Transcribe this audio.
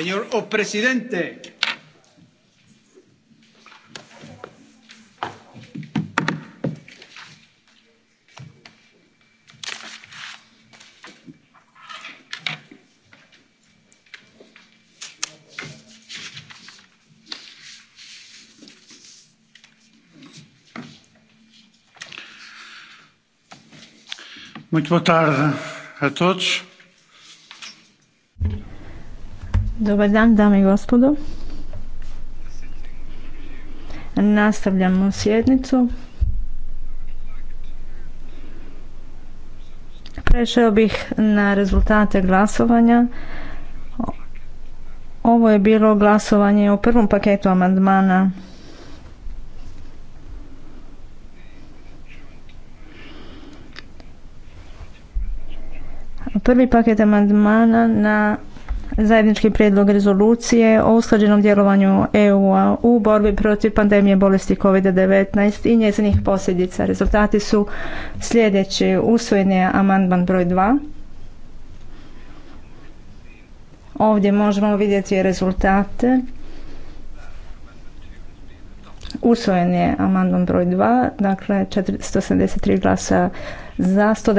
Señor o presidente. Muito boa tarde a todos. Dobar dan, dame i gospodo. Nastavljamo sjednicu. Prešao bih na rezultate glasovanja. Ovo je bilo glasovanje o prvom paketu amandmana prvi paket amandmana na zajednički prijedlog rezolucije o usklađenom djelovanju EU-a u borbi protiv pandemije bolesti COVID-19 i njezinih posljedica. Rezultati su sljedeći. Usvojen je amandman broj 2. Ovdje možemo vidjeti rezultate. Usvojen je amandman broj 2, dakle 473 glasa za,